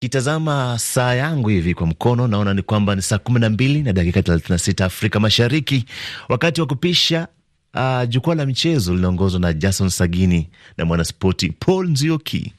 Kitazama saa yangu hivi kwa mkono naona ni kwamba ni saa kumi na mbili na dakika thelathini na sita Afrika Mashariki, wakati wa kupisha. Uh, jukwaa la michezo linaongozwa na Jason Sagini na mwanaspoti Paul Nzioki.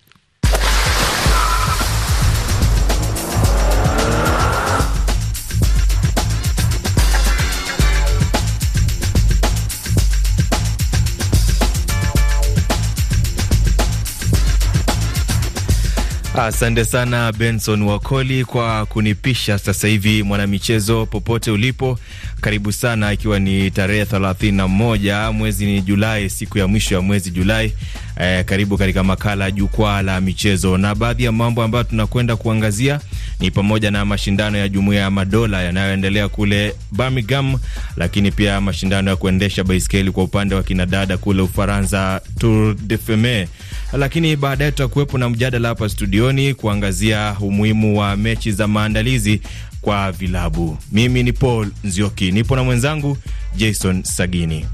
Asante sana Benson Wakoli kwa kunipisha. Sasa hivi mwanamichezo, popote ulipo, karibu sana, ikiwa ni tarehe 31 mwezi ni Julai, siku ya mwisho ya mwezi Julai. Eh, karibu katika makala jukwaa la michezo, na baadhi ya mambo ambayo tunakwenda kuangazia ni pamoja na mashindano ya Jumuiya ya Madola yanayoendelea kule Birmingham, lakini pia mashindano ya kuendesha baiskeli kwa upande wa kinadada kule Ufaransa, Tour de Femme. Lakini baadaye tutakuwepo na mjadala hapa studioni kuangazia umuhimu wa mechi za maandalizi kwa vilabu. Mimi ni Paul Nzioki, nipo na mwenzangu Jason Sagini.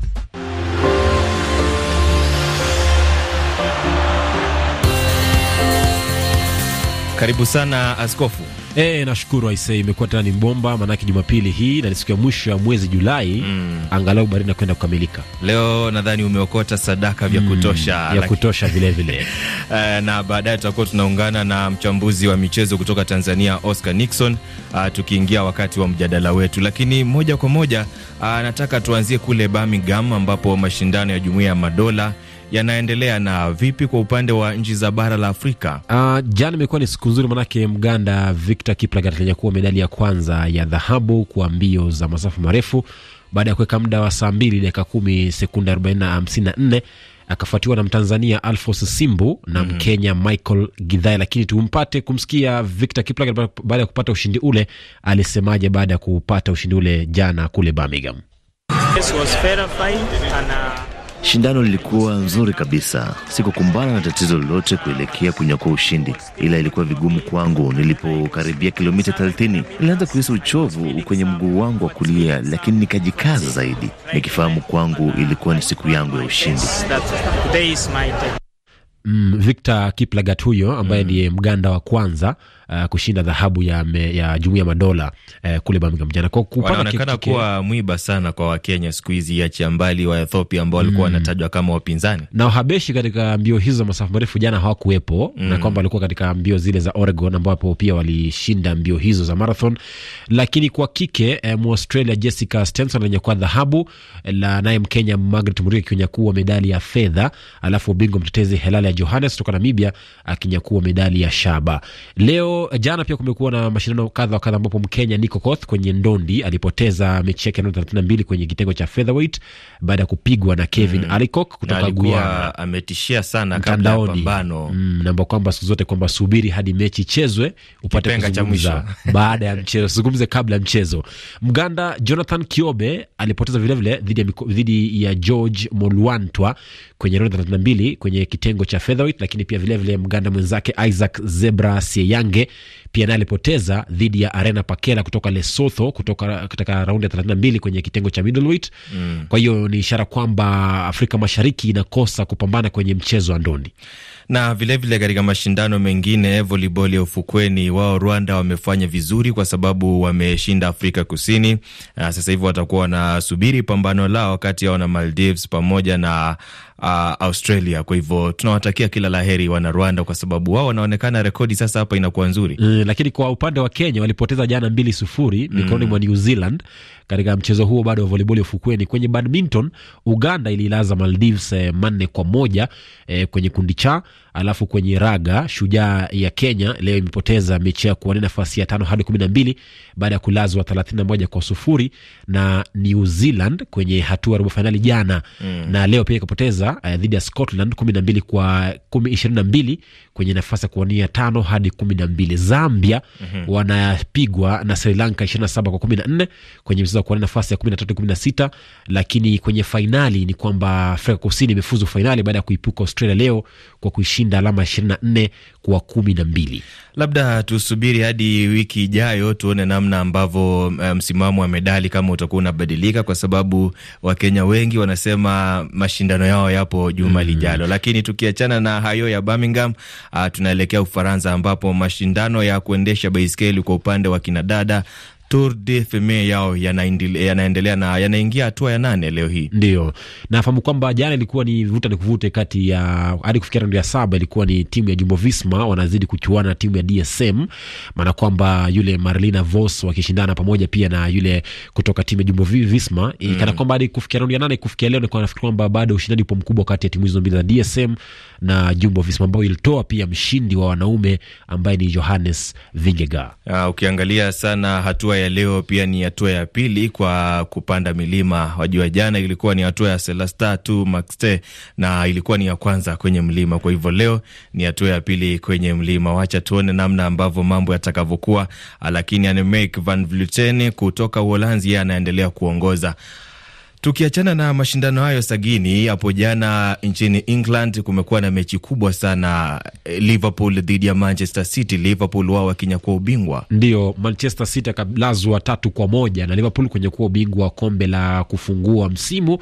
Karibu sana askofu. E, nashukuru aisee, imekuwa tena ni mbomba, maanake Jumapili hii na ni siku ya mwisho ya mwezi Julai mm. Angalau baridi nakwenda kukamilika leo. Nadhani umeokota sadaka vya mm, kutosha mm, ya kutosha vilevile vile. Eh, na baadaye tutakuwa tunaungana na mchambuzi wa michezo kutoka Tanzania Oscar Nixon uh, tukiingia wakati wa mjadala wetu, lakini moja kwa moja uh, nataka tuanzie kule Birmingham ambapo mashindano ya Jumuiya ya Madola yanaendelea na vipi kwa upande wa nchi za bara la Afrika? Uh, jana imekuwa ni siku nzuri, manake Mganda Victor Kiplagat alinyakua medali ya kwanza ya dhahabu kwa mbio za masafa marefu baada ya kuweka muda wa saa mbili dakika kumi sekunde arobaini na hamsini na nne akafuatiwa na Mtanzania Alfos Simbu na mm -hmm. Mkenya Michael Gidhai, lakini tumpate kumsikia Victor Kiplagat baada ya kupata ushindi ule alisemaje baada ya kupata ushindi ule jana kule Birmingham. was uh, Shindano lilikuwa nzuri kabisa, sikukumbana na tatizo lolote kuelekea kunyakua ushindi, ila ilikuwa vigumu kwangu. Nilipokaribia kilomita 30 nilianza kuhisi uchovu kwenye mguu wangu wa kulia, lakini nikajikaza zaidi, nikifahamu kwangu ilikuwa ni siku yangu ya ushindi. Mm, Victor Kiplagat huyo ambaye mm. ndiye mm, mganda wa kwanza uh, kushinda dhahabu ya, ya jumuia ya madola uh, kule Birmingham jana. Wanaonekana kuwa mwiba sana kwa Wakenya siku hizi, acha mbali wa Ethiopia ambao walikuwa mm. wanatajwa mm. kama wapinzani, na Wahabeshi katika mbio hizo za masafa marefu jana hawakuwepo mm. na kwamba walikuwa katika mbio zile za Oregon ambapo pia walishinda mbio hizo za marathon. Lakini kwa kike eh, Mwaustralia Jessica Stenson alinyakua dhahabu eh, la naye Mkenya Margaret Muriuki akinyakua medali ya fedha, alafu bingwa mtetezi Helala ya Johannes kutoka Namibia akinyakua medali ya shaba leo Eh, jana pia kumekuwa na mashindano kadha wa kadha, ambapo Mkenya Nico Koth kwenye ndondi alipoteza mechi yake namba 32 kwenye kitengo cha featherweight baada ya kupigwa na Kevin mm. Alikok kutoka Guyana. Ametishia sana kabla ya pambano mm, namba kwamba siku zote kwamba subiri hadi mechi ichezwe upate kuzungumza baada ya mchezo, zungumze kabla ya mchezo. Mganda Jonathan Kiobe alipoteza vile vile dhidi ya dhidi ya George Molwantwa kwenye raundi 32 kwenye kitengo cha featherweight, lakini pia vilevile vile Mganda mwenzake Isaac Zebra Sieyange pia naye alipoteza dhidi ya Arena Pakela kutoka Lesotho kutoka katika raundi ya 32 kwenye kitengo cha middleweight mm. Kwa hiyo ni ishara kwamba Afrika Mashariki inakosa kupambana kwenye mchezo wa ndondi na vilevile katika mashindano mengine voliboli ya ufukweni, wao Rwanda wamefanya vizuri kwa sababu wameshinda Afrika Kusini. Ah, sasa hivi watakuwa wanasubiri pambano lao kati yao na Maldives pamoja na uh, Australia. Kwa hivyo tunawatakia kila laheri wana Rwanda, kwa sababu wao wanaonekana rekodi sasa hapa inakuwa nzuri mm, lakini kwa upande wa Kenya walipoteza jana mbili sufuri mm. mikononi mwa mm, New Zealand katika mchezo huo bado wa voleboli ufukweni. Kwenye badminton Uganda ililaza Maldives eh, manne kwa moja eh, kwenye kundi cha alafu kwenye raga Shujaa ya Kenya leo imepoteza mechi ya kuwania nafasi ya tano hadi kumi na mbili baada ya kulazwa thelathini na moja kwa sufuri na New Zealand kwenye hatua robo fainali jana mm, na leo pia ikapoteza Uingereza eh, dhidi ya Scotland kumi na mbili kwa kumi ishirini na mbili kwenye nafasi ya kuwania tano hadi kumi na mbili. Zambia mm -hmm. wanapigwa na Sri Lanka ishirini na saba kwa kumi na nne kwenye mchezo wa kuwania nafasi ya kumi na tatu kumi na sita lakini kwenye fainali ni kwamba Afrika Kusini imefuzu fainali baada ya kuipuka Australia leo kwa kuishinda alama ishirini na nne kuwa kumi na mbili. Labda tusubiri hadi wiki ijayo tuone namna ambavyo eh, msimamo um, wa medali kama utakuwa unabadilika, kwa sababu Wakenya wengi wanasema mashindano yao yapo juma mm, lijalo. Lakini tukiachana na hayo ya Birmingham, uh, tunaelekea Ufaransa ambapo mashindano ya kuendesha baiskeli kwa upande wa kinadada Tour de Femme yao yanaendelea na yanaingia hatua ya nane leo hii. Ndio nafahamu kwamba jana ilikuwa ni vuta ni kuvute kati ya hadi kufikia raundi ya saba, ilikuwa ni timu ya Jumbo Visma wanazidi kuchuana na timu ya DSM, maana kwamba yule Marlina Vos wakishindana pamoja pia na yule kutoka timu ya Jumbo Visma mm. kana kwamba hadi kufikia raundi ya nane, kufikia leo nilikuwa nafikiri kwamba bado ushindani upo mkubwa kati ya timu hizo mbili za DSM na Jumbo Visma ambao ilitoa pia mshindi wa wanaume ambaye ni Johannes Vingegaard. Ah, ukiangalia sana hatua ya ya leo pia ni hatua ya pili kwa kupanda milima. Wajua jana ilikuwa ni hatua ya Selasta tu Maxte na ilikuwa ni ya kwanza kwenye mlima, kwa hivyo leo ni hatua ya pili kwenye mlima. Wacha tuone namna ambavyo mambo yatakavyokuwa, lakini Annemiek van Vleuten kutoka Uholanzi yeye anaendelea kuongoza. Tukiachana na mashindano hayo sagini, hapo jana nchini England kumekuwa na mechi kubwa sana, eh, Liverpool dhidi ya Manchester City. Liverpool wao wakinyakua ubingwa, ndio Manchester City akalazwa tatu kwa moja na Liverpool kwenye kuwa ubingwa wa kombe la kufungua msimu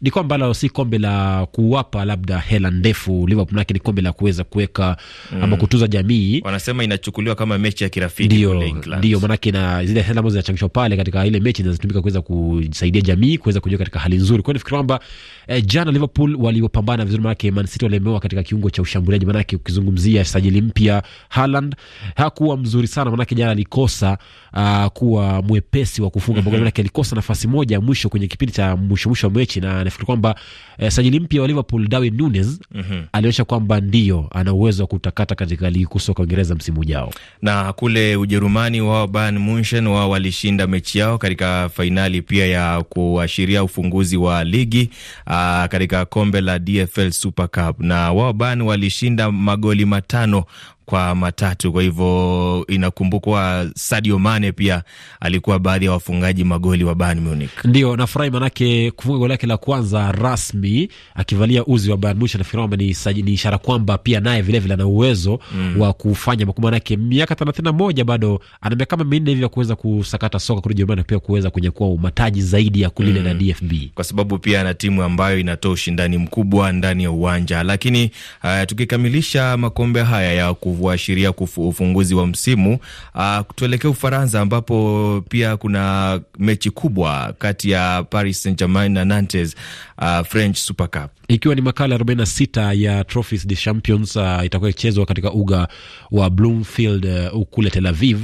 ni kwamba lao si kombe la kuwapa labda hela ndefu Liverpool, lakini kombe la kuweza kuweka mm, ama kutuza jamii. Wanasema inachukuliwa kama mechi ya kirafiki, ndio ndio maanake, na zile hela ambazo zinachangishwa pale katika ile mechi zinazotumika kuweza kusaidia jamii kuweza kujua katika hali nzuri. Kwa hiyo nafikiri kwamba eh, jana Liverpool waliopambana vizuri, maanake Man City walemewa katika kiungo cha ushambuliaji, maanake ukizungumzia sajili mpya Haaland hakuwa mzuri sana, maanake jana alikosa uh, kuwa mwepesi wa kufunga mm -hmm. maanake alikosa nafasi moja mwisho kwenye kipindi cha mwisho mwisho wa mechi na nafikiri kwamba eh, sajili mpya wa Liverpool Darwin Nunes mm -hmm. alionyesha kwamba ndio ana uwezo wa kutakata katika ligi kuu soka Uingereza msimu ujao. Na kule Ujerumani wao Bayern Munchen wao walishinda mechi yao katika fainali pia ya kuashiria ufunguzi wa ligi uh, katika kombe la DFL Super Cup na wao Bayern walishinda magoli matano kwa matatu. Kwa hivyo inakumbukwa Sadio Mane pia alikuwa baadhi ya wafungaji magoli wa Bayern Munich. Ndio nafurahi manake kufunga goli lake la kwanza rasmi akivalia uzi wa Bayern Munich, nafikiri kwamba ni ishara kwamba pia naye vilevile ana uwezo mm. wa kufanya makubwa, manake miaka thelathini na moja bado ana miaka kama minne hivi ya kuweza kusakata soka kule Jerumani, pia kuweza kunyakua mataji zaidi ya kulile mm. na DFB, kwa sababu pia ana timu ambayo inatoa ushindani mkubwa ndani ya uwanja. Lakini uh, tukikamilisha makombe haya ya ku kuashiria ufunguzi wa msimu. Ah, tuelekee Ufaransa ambapo pia kuna mechi kubwa kati ya Paris Saint-Germain na Nantes, uh, French Super Cup ikiwa ni makala 46 ya Trophies de Champions uh, itakuwa ikichezwa katika uga wa Bloomfield uh, kule Tel Aviv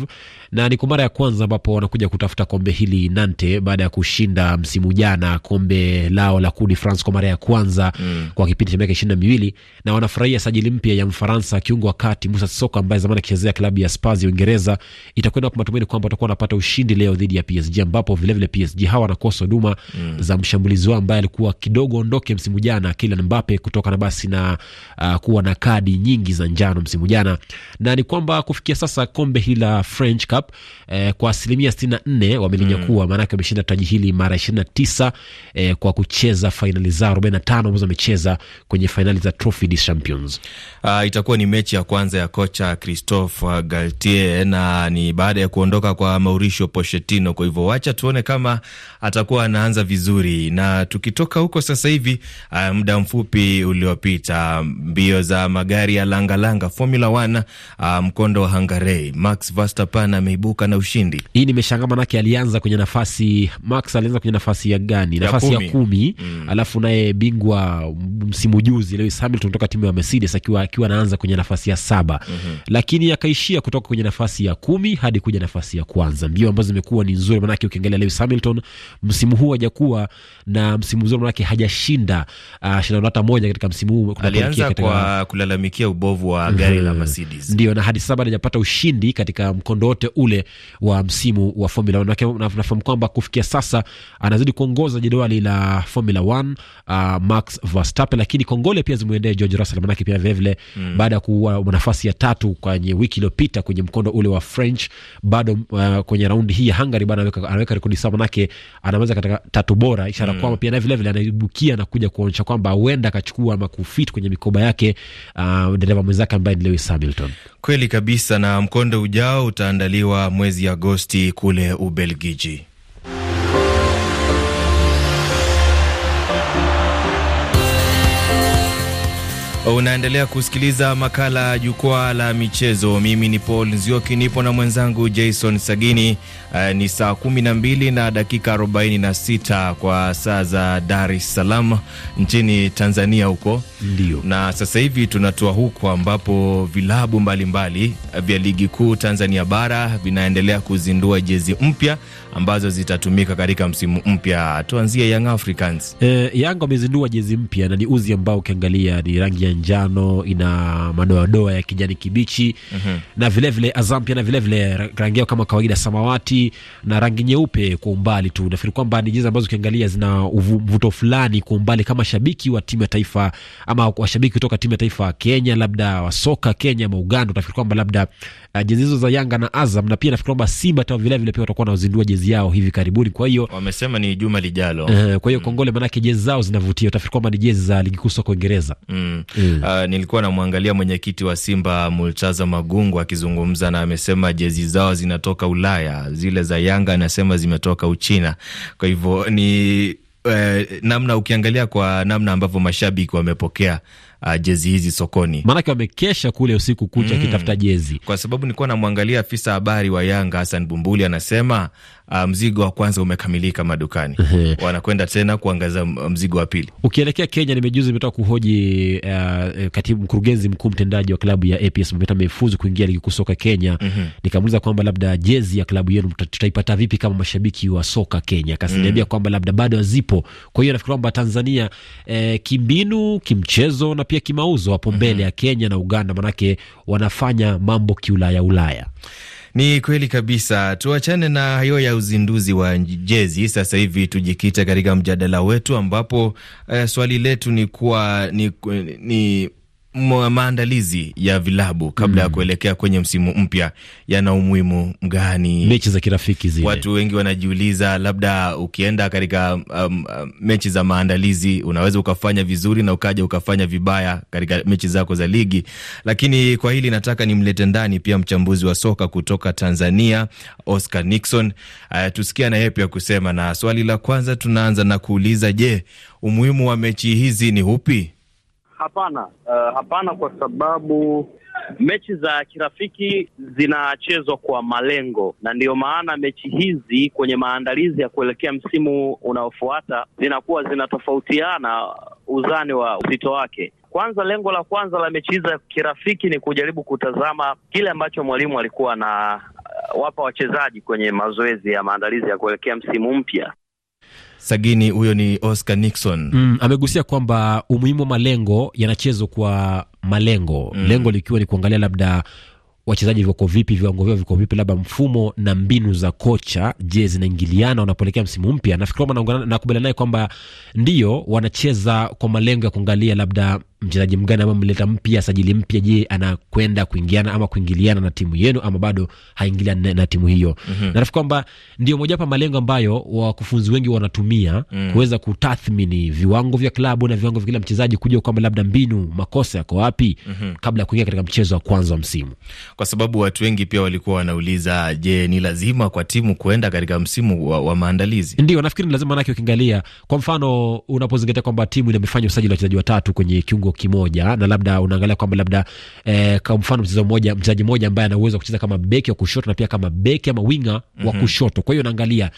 na ni kwa mara ya kwanza ambapo wanakuja kutafuta kombe hili Nante baada ya kushinda msimu jana kombe lao la kuni de France kwa mara ya kwanza mm. kwa kipindi cha miaka ishirini na miwili na wanafurahia sajili mpya ya Mfaransa kiungo wa kati Musa Soko ambaye zamani akichezea klabu ya Spurs ya Uingereza. Itakwenda kwa matumaini kwamba watakuwa wanapata ushindi leo dhidi ya PSG ambapo vilevile PSG hawa wanakosa huduma mm. za mshambulizi wao ambaye alikuwa kidogo ondoke msimu jana Kylian Mbappe na basi na uh, kuwa na kadi nyingi za njano msimu jana, na ni kwamba kufikia sasa kombe hili la French Cup Cup eh, kwa asilimia 64 wamelinyakua, mm. maanake wameshinda taji hili mara 29 eh, kwa kucheza fainali zao 45 ambazo wamecheza kwenye fainali za Trophy des Champions. Uh, itakuwa ni mechi ya kwanza ya kocha Christophe Galtier na ni baada ya kuondoka kwa Mauricio Pochettino. Kwa hivyo wacha tuone kama atakuwa anaanza vizuri. Na tukitoka huko sasa hivi, uh, muda mfupi uliopita, mbio za magari ya langalanga Formula 1 uh, mkondo wa Hungaray, Max Verstappen ameibuka na ushindi. Hii nimeshangaa, manake alianza kwenye nafasi Max alianza kwenye nafasi ya gani? Nafasi ya kumi, ya kumi. Mm. Alafu naye bingwa msimu juzi Lewis Hamilton kutoka timu ya Mercedes akiwa akiwa anaanza kwenye nafasi ya saba. Mm -hmm. Lakini akaishia kutoka kwenye nafasi ya kumi hadi kuja nafasi ya kwanza. Mbio ambazo zimekuwa ni nzuri manake ukiangalia Lewis Hamilton msimu huu hajakuwa na msimu mzuri, manake hajashinda uh, shindano hata moja katika msimu huu. Alianza kwa katika... kulalamikia ubovu wa mhm. gari mm -hmm. la Mercedes, ndio na hadi sasa bado hajapata ushindi katika mkondo wote ule wa msimu wa Formula 1 na nafahamu kwamba kufikia sasa anazidi kuongoza jedwali la Formula 1 uh, Max Verstappen, lakini kongole pia zimwendee George Russell, manake pia vilevile mm. baada ya kuwa nafasi ya tatu kwenye wiki iliyopita kwenye mkondo ule wa French bado uh, kwenye raundi hii ya Hungary bado anaweka rekodi sawa, manake anaweza katika tatu bora, ishara mm. kwamba pia na vile vile anaibukia na kuja kuonyesha kwamba huenda akachukua ama kufit kwenye mikoba yake uh, dereva mwenzake ambaye ni Lewis Hamilton. Kweli kabisa, na mkondo ujao utaandaliwa mwezi Agosti kule Ubelgiji. Unaendelea kusikiliza makala jukwaa la michezo. Mimi ni Paul Nzioki, nipo na mwenzangu Jason Sagini. Uh, ni saa kumi na dakika 46 kwa saa za Dar es Salaam nchini Tanzania huko ndio, na sasa hivi tunatua huko ambapo vilabu mbalimbali vya ligi kuu Tanzania bara vinaendelea kuzindua jezi mpya ambazo zitatumika katika msimu mpya. Tuanzie Young Africans. Eh, Yanga wamezindua jezi mpya na ni uzi ambao ukiangalia ni rangi ya njano, ina madoadoa ya kijani kibichi mm -hmm. na vilevile Azam pia na vilevile rangi yao kama kawaida samawati na rangi nyeupe kwa umbali tu. Nafikiri kwamba ni jinsi ambazo ukiangalia zina mvuto fulani kwa umbali, kama shabiki wa timu ya taifa ama washabiki kutoka timu ya taifa Kenya, labda wa soka Kenya ama Uganda, utafikiri kwamba labda uh, jezi hizo za Yanga na Azam, na pia nafikiri kwamba Simba tao vilevile vile pia watakuwa wanazindua jezi yao hivi karibuni. Kwa hiyo wamesema ni juma lijalo. Uh, kwa hiyo mm. Kongole, maanake jezi zao zinavutia, utafikiri kwamba ni jezi za ligi kuu soka Uingereza. mm. mm. Uh, nilikuwa namwangalia mwenyekiti wa Simba Mulchaza Magungu akizungumza na amesema jezi zao zinatoka Ulaya, zile za Yanga anasema zimetoka Uchina, kwa hivyo ni eh, namna ukiangalia kwa namna ambavyo mashabiki wamepokea uh, jezi hizi sokoni, maanake wamekesha kule usiku kucha mm. wakitafuta mm, jezi. Kwa sababu nilikuwa namwangalia afisa habari wa Yanga Hassan Bumbuli anasema uh, mzigo wa kwanza umekamilika madukani wanakwenda tena kuangaza mzigo wa pili. Ukielekea Kenya, nimejuzi imetoka kuhoji uh, eh, katibu mkurugenzi mkuu mtendaji wa klabu ya APS Mbeta amefuzu kuingia ligi kuu soka Kenya. mm -hmm. Nikamuuliza kwamba labda jezi ya klabu yenu tutaipata vipi kama mashabiki wa soka Kenya? Akasiniambia mm -hmm. kwamba labda bado hazipo, kwa hiyo nafikiri kwamba Tanzania eh, kimbinu, kimchezo na pia kimauzo hapo mhm. mbele mm -hmm. ya Kenya na Uganda, manake wanafanya mambo kiulaya Ulaya. Ni kweli kabisa. Tuachane na hayo ya uzinduzi wa jezi sasa hivi, tujikite katika mjadala wetu ambapo eh, swali letu ni kuwa ni, ni maandalizi ya vilabu kabla mm. ya kuelekea kwenye msimu mpya yana umuhimu mgani? Mechi za kirafiki zile, watu wengi wanajiuliza, labda ukienda katika um, um, mechi za maandalizi unaweza ukafanya vizuri na ukaja ukafanya vibaya katika mechi zako za ligi. Lakini kwa hili nataka nimlete ndani pia mchambuzi wa soka kutoka Tanzania, Oscar Nixon. Uh, tusikia na yeye pia kusema, na swali la kwanza tunaanza na kuuliza, je, umuhimu wa mechi hizi ni upi? Hapana, uh, hapana, kwa sababu mechi za kirafiki zinachezwa kwa malengo, na ndiyo maana mechi hizi kwenye maandalizi ya kuelekea msimu unaofuata zinakuwa zinatofautiana uzani wa uzito wake. Kwanza, lengo la kwanza la mechi hizi za kirafiki ni kujaribu kutazama kile ambacho mwalimu alikuwa na wapa wachezaji kwenye mazoezi ya maandalizi ya kuelekea msimu mpya. Sagini, huyo ni Oscar Nixon. Mm, amegusia kwamba umuhimu wa malengo yanachezwa kwa malengo mm. Lengo likiwa ni kuangalia labda wachezaji wako vipi, viwango vyao viko vipi, labda mfumo na mbinu za kocha, je, zinaingiliana wanapoelekea msimu mpya? Nafikiri kwamba nakubaliana naye kwamba ndio wanacheza kwa malengo ya kuangalia labda mchezaji mgani ama mleta mpya sajili mpya, je, anakwenda kuingiana ama kuingiliana na timu yenu ama bado haingilia na, na timu hiyo mm -hmm. Nafikiri kwamba ndio moja mojawapo malengo ambayo wakufunzi wengi wanatumia mm. -hmm. kuweza kutathmini viwango vya klabu na viwango vya kila mchezaji, kujua kwamba labda mbinu, makosa yako wapi mm -hmm. kabla ya kuingia katika mchezo wa kwanza wa msimu, kwa sababu watu wengi pia walikuwa wanauliza, je, ni lazima kwa timu kuenda katika msimu wa, wa maandalizi? Ndio, nafikiri ni lazima, manake ukiangalia kwa mfano unapozingatia kwamba timu inamefanya usajili wa wachezaji watatu kwenye kiungo kimoja, na labda unaangalia kwamba labda eh, kwa mfano mchezaji mmoja mchezaji mmoja ambaye ana uwezo wa kucheza kama beki wa kushoto na pia kama beki ama winga mm-hmm. wa mhm. kushoto. Kwa hiyo unaangalia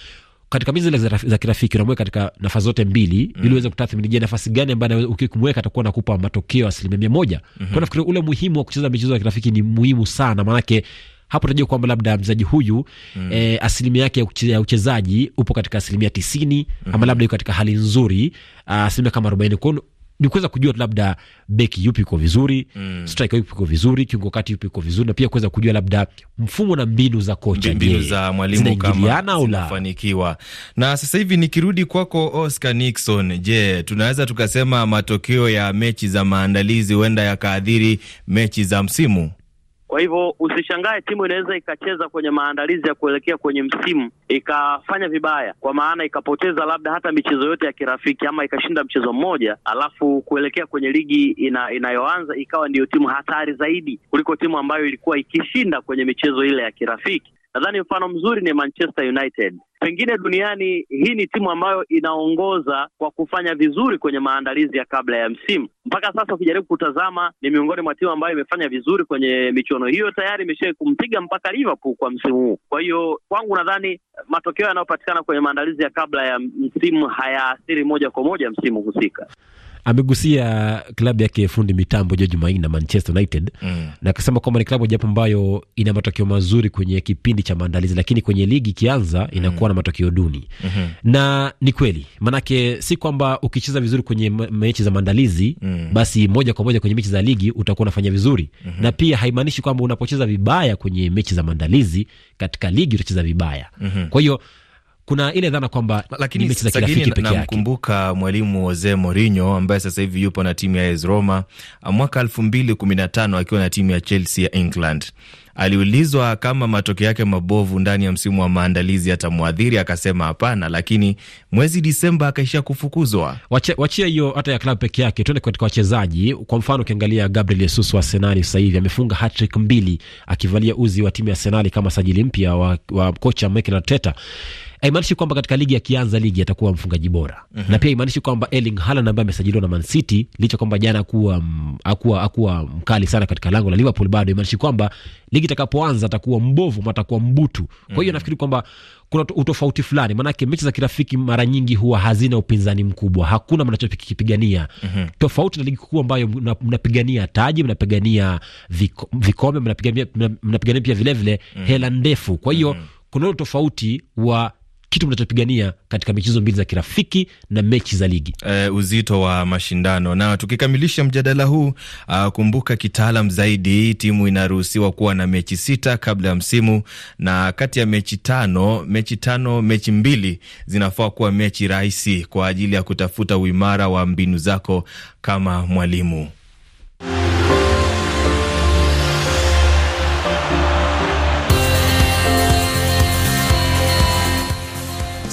katika mbinu zile za, kirafiki unamweka katika nafasi zote mbili mm. ili mhm. uweze kutathmini, je, nafasi gani ambayo ukimweka atakuwa nakupa matokeo asilimia mia moja. mm -hmm. Kwa mhm. nafikiri ule muhimu wa kucheza michezo ya kirafiki ni muhimu sana, maanake hapo utajua kwamba labda mchezaji huyu mm. e, asilimia yake ya uchezaji upo katika asilimia tisini mm -hmm. ama labda yuko katika hali nzuri ah, asilimia kama arobaini kwao ni kuweza kujua labda beki yupi uko vizuri mm. striker yupi uko vizuri, kiungo kati yupi uko vizuri, na pia kuweza kujua labda mfumo na mbinu za kocha, mbinu za mwalimu kama zinafanikiwa. Na sasa hivi nikirudi kwako Oscar Nixon, je, tunaweza tukasema matokeo ya mechi za maandalizi huenda yakaadhiri mechi za msimu? Kwa hivyo usishangae timu inaweza ikacheza kwenye maandalizi ya kuelekea kwenye msimu ikafanya vibaya, kwa maana ikapoteza labda hata michezo yote ya kirafiki ama ikashinda mchezo mmoja, alafu kuelekea kwenye ligi ina, inayoanza ikawa ndiyo timu hatari zaidi kuliko timu ambayo ilikuwa ikishinda kwenye michezo ile ya kirafiki. Nadhani mfano mzuri ni Manchester United. Pengine duniani hii ni timu ambayo inaongoza kwa kufanya vizuri kwenye maandalizi ya kabla ya msimu. Mpaka sasa ukijaribu kutazama, ni miongoni mwa timu ambayo imefanya vizuri kwenye michuano hiyo, tayari imesha kumpiga mpaka Liverpool kwa msimu huu. Kwa hiyo kwangu, nadhani matokeo yanayopatikana kwenye maandalizi ya kabla ya msimu hayaathiri moja kwa moja msimu husika amegusia klabu yake fundi mitambo jo jumaini na Manchester United mm. na akasema kwamba ni klabu japo ambayo ina matokeo mazuri kwenye kipindi cha maandalizi, lakini kwenye ligi ikianza mm. inakuwa mm. na matokeo duni mm -hmm. na ni kweli, maanake si kwamba ukicheza vizuri kwenye mechi za maandalizi mm. basi moja kwa moja kwenye mechi za ligi utakuwa unafanya vizuri mm -hmm. na pia haimaanishi kwamba unapocheza vibaya kwenye mechi za maandalizi katika ligi utacheza vibaya mm -hmm. kwa hiyo kuna ile dhana kwamba lakini mechi za kirafiki pekee yake. Nakumbuka mwalimu Jose Mourinho ambaye sasa hivi yupo na timu ya AS Roma, mwaka 2015 akiwa na timu ya Chelsea ya England aliulizwa kama matokeo yake mabovu ndani ya msimu wa maandalizi yatamwadhiri, akasema hapana, lakini mwezi Disemba akaishia kufukuzwa. Wachia hiyo hata ya klabu peke yake, tuende katika wachezaji. Kwa mfano, ukiangalia Gabriel Jesus wa Arsenali sasa hivi amefunga hattrick mbili akivalia uzi wa timu ya Arsenali kama sajili mpya wa, wa kocha Mikel Arteta haimaanishi kwamba katika ligi akianza ligi atakuwa mfungaji bora mm -hmm. na pia haimaanishi kwamba Erling Haaland ambaye amesajiliwa na Man City licha kwamba jana akuwa, akuwa, akuwa mkali sana katika lango la Liverpool, bado haimaanishi kwamba ligi itakapoanza atakuwa mbovu ama atakuwa mbutu mm -hmm. nafikiri kwamba kuna utofauti fulani, maanake mechi za kirafiki mara nyingi huwa hazina upinzani mkubwa, hakuna mnachokipigania mm -hmm. tofauti na ligi kuu ambayo mnapigania mna taji, mnapigania viko, vikombe, mnapigania mna pia vilevile mm -hmm. hela ndefu, kwa hiyo mm -hmm. kuna tofauti wa kitu mnachopigania katika michezo mbili za kirafiki na mechi za ligi. E, uzito wa mashindano. Na tukikamilisha mjadala huu, uh, kumbuka kitaalam zaidi, timu inaruhusiwa kuwa na mechi sita kabla ya msimu, na kati ya mechi tano, mechi tano, mechi mbili zinafaa kuwa mechi rahisi kwa ajili ya kutafuta uimara wa mbinu zako kama mwalimu.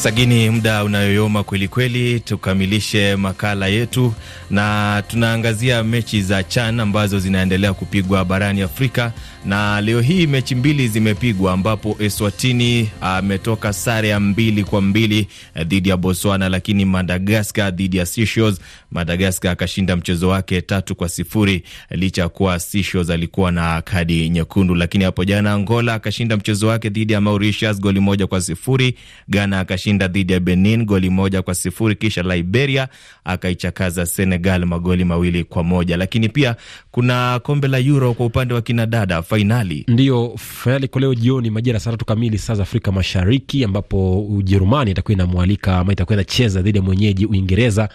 Sagini, muda unayoyoma kweli kweli, tukamilishe makala yetu, na tunaangazia mechi za CHAN ambazo zinaendelea kupigwa barani Afrika, na leo hii mechi mbili zimepigwa, ambapo Eswatini ah, ametoka sare ya mbili kwa mbili eh, dhidi ya Botswana, lakini Madagaskar dhidi ya Seychelles, Madagaskar akashinda mchezo wake tatu kwa sifuri licha ya kuwa Seychelles alikuwa na kadi nyekundu. Lakini hapo jana Angola akashinda mchezo wake dhidi ya Mauritius goli moja kwa sifuri. Ghana akashinda alishinda dhidi ya Benin goli moja kwa sifuri, kisha Liberia akaichakaza Senegal magoli mawili kwa moja. Lakini pia kuna kombe la Euro kwa upande wa kinadada, fainali ndio fainali kwa leo jioni majira saa tatu kamili saa za Afrika Mashariki, ambapo Ujerumani itakuwa inamwalika ama itakuwa inacheza dhidi ya mwenyeji Uingereza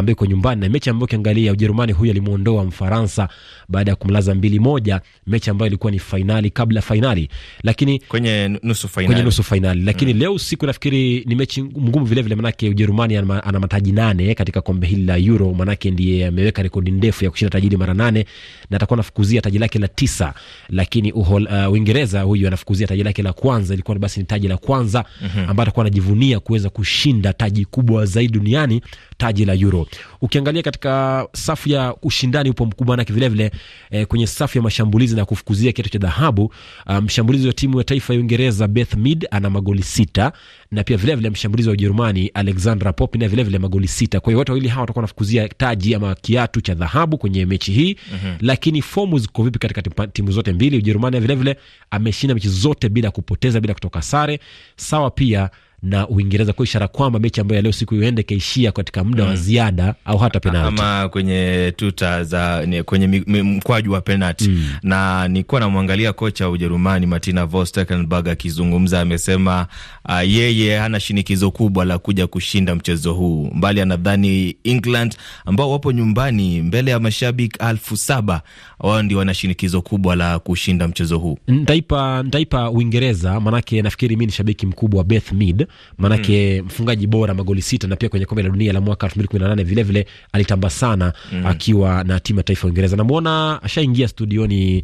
ambaye iko nyumbani na mechi ambayo ukiangalia Ujerumani huyu alimuondoa Mfaransa baada ya kumlaza mbili moja, mechi ambayo ilikuwa ni fainali kabla fainali, lakini kwenye nusu fainali, kwenye nusu fainali. Lakini mm, leo siku nafikiri ni mechi ngumu vile vile, manake Ujerumani ana, ana mataji nane katika kombe hili la Euro, manake ndiye ameweka rekodi ndefu ya kushinda taji mara nane na atakuwa anafukuzia taji lake la tisa, lakini uhol, uh, Uingereza huyu anafukuzia taji lake la kwanza, ilikuwa basi ni taji la kwanza mm -hmm, ambayo atakuwa anajivunia kuweza kushinda taji kubwa zaidi duniani, taji la Euro. Ukiangalia katika safu ya ushindani upo mkubwa, na vile vile eh, kwenye safu ya mashambulizi na kufukuzia kitu cha dhahabu, um, mshambulizi um, wa timu ya taifa ya Uingereza Beth Mead ana magoli sita na pia vile vile mshambulizi wa Ujerumani Alexandra Popp na vile vile magoli sita. Kwa hiyo wote wawili hawa watakuwa wanafukuzia taji ama kiatu cha dhahabu kwenye mechi hii. Mm -hmm. Lakini fomu ziko vipi katika timu zote mbili? Ujerumani vile vile ameshinda mechi zote bila kupoteza, bila kutoka sare. Sawa pia na Uingereza, kwa ishara kwamba mechi ambayo ya leo siku iende kaishia katika muda mm. wa ziada au hata penalti ama kwenye tuta za kwenye mkwaju wa penalti mm. na nilikuwa namwangalia kocha wa Ujerumani Martina voss akizungumza, amesema uh, yeye hana shinikizo kubwa la kuja kushinda mchezo huu, mbali anadhani England ambao wapo nyumbani mbele ya mashabiki elfu saba wao ndio wana shinikizo kubwa la kushinda mchezo huu. Ntaipa, ntaipa Uingereza, manake nafikiri mi ni shabiki mkubwa wa Beth Mead maanake mm. mfungaji bora magoli sita na pia kwenye kombe la dunia la mwaka elfu mbili kumi na nane vilevile alitamba sana mm. akiwa na timu ya taifa ya Uingereza. Namwona ashaingia studioni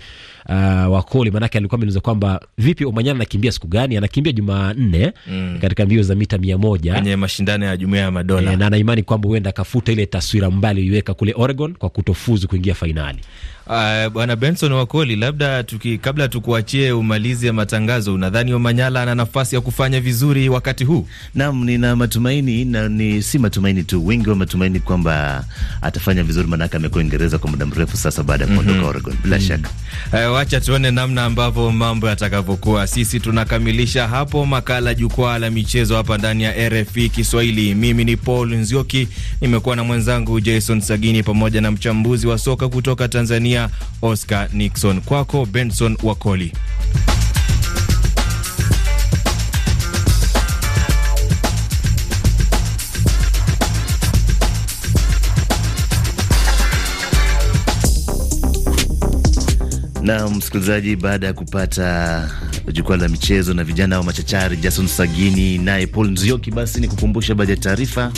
uh, Wakoli, maanake alikuwa ameniuliza kwamba vipi Omanyala anakimbia siku gani? Anakimbia Jumanne mm. katika mbio za mita mia moja kwenye mashindano ya Jumuiya ya Madola e, na anaimani kwamba huenda akafuta ile taswira mbali aliyoiweka kule Oregon kwa kutofuzu kuingia fainali. Uh, Bwana Benson Wakoli, labda tuki, kabla tukuachie umalizi ya matangazo, unadhani Omanyala ana nafasi ya kufanya vizuri wakati huu? Naam, nina matumaini na ni si matumaini tu, wengi wa matumaini kwamba atafanya vizuri, maanake amekuwa Uingereza kwa muda mrefu sasa baada ya kuondoka mm -hmm. Oregon bila mm -hmm. shaka. Uh, wacha tuone namna ambavyo mambo yatakavyokuwa. Sisi tunakamilisha hapo makala jukwaa la michezo hapa ndani ya RFI Kiswahili. Mimi ni Paul Nzioki, nimekuwa na mwenzangu Jason Sagini pamoja na mchambuzi wa soka kutoka Tanzania Tanzania Oscar Nixon. Kwako Benson Wakoli. na msikilizaji, baada ya kupata jukwaa la michezo na vijana wa machachari Jason Sagini naye Paul Nzioki, basi ni kukumbusha baadhi ya taarifa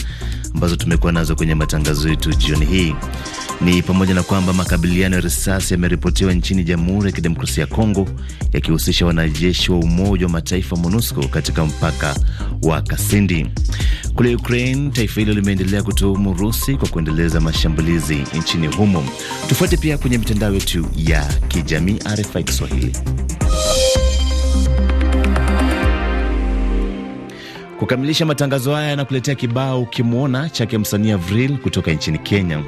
ambazo tumekuwa nazo kwenye matangazo yetu jioni hii ni pamoja na kwamba makabiliano ya risasi yameripotiwa nchini Jamhuri ya Kidemokrasia ya Kongo yakihusisha wanajeshi wa Umoja wa Mataifa MONUSCO katika mpaka wa Kasindi. Kule Ukraine, taifa hilo limeendelea kutuhumu Urusi kwa kuendeleza mashambulizi nchini humo. Tufuate pia kwenye mitandao yetu ya kijamii RFI Kiswahili. Kukamilisha matangazo haya yanakuletea kibao kimwona chake msanii Avril kutoka nchini Kenya.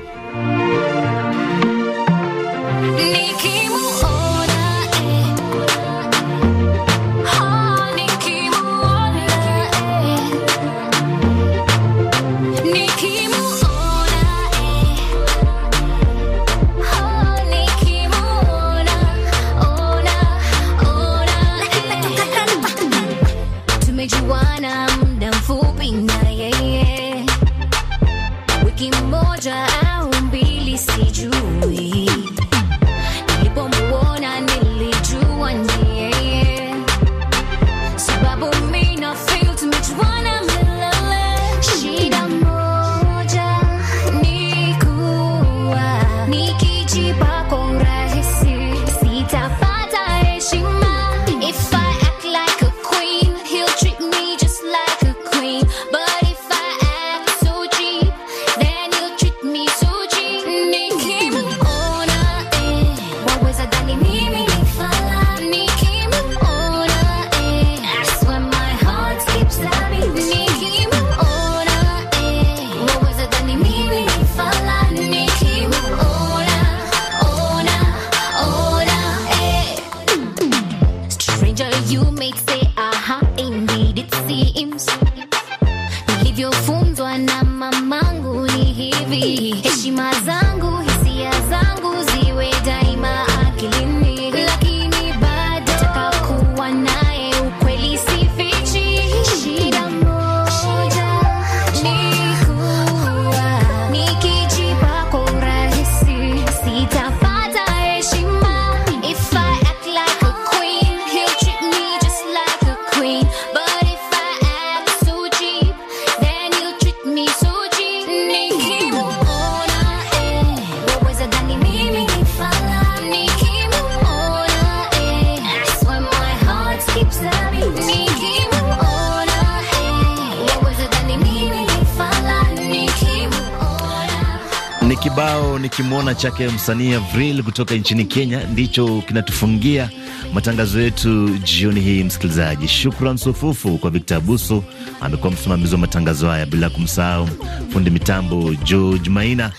kibao nikimwona chake msanii Avril kutoka nchini Kenya ndicho kinatufungia matangazo yetu jioni hii. Msikilizaji, shukran sufufu kwa Victor Abuso, amekuwa msimamizi wa matangazo haya, bila kumsahau fundi mitambo George Maina.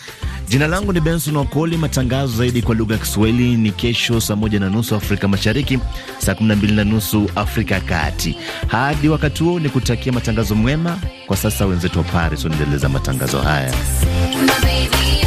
Jina langu ni Benson Wakoli. Matangazo zaidi kwa lugha ya Kiswahili ni kesho saa moja na nusu Afrika Mashariki, saa kumi na mbili na nusu Afrika ya Kati. Hadi wakati huo, ni kutakia matangazo mwema. Kwa sasa wenzetu wa Paris wanaendeleza matangazo haya.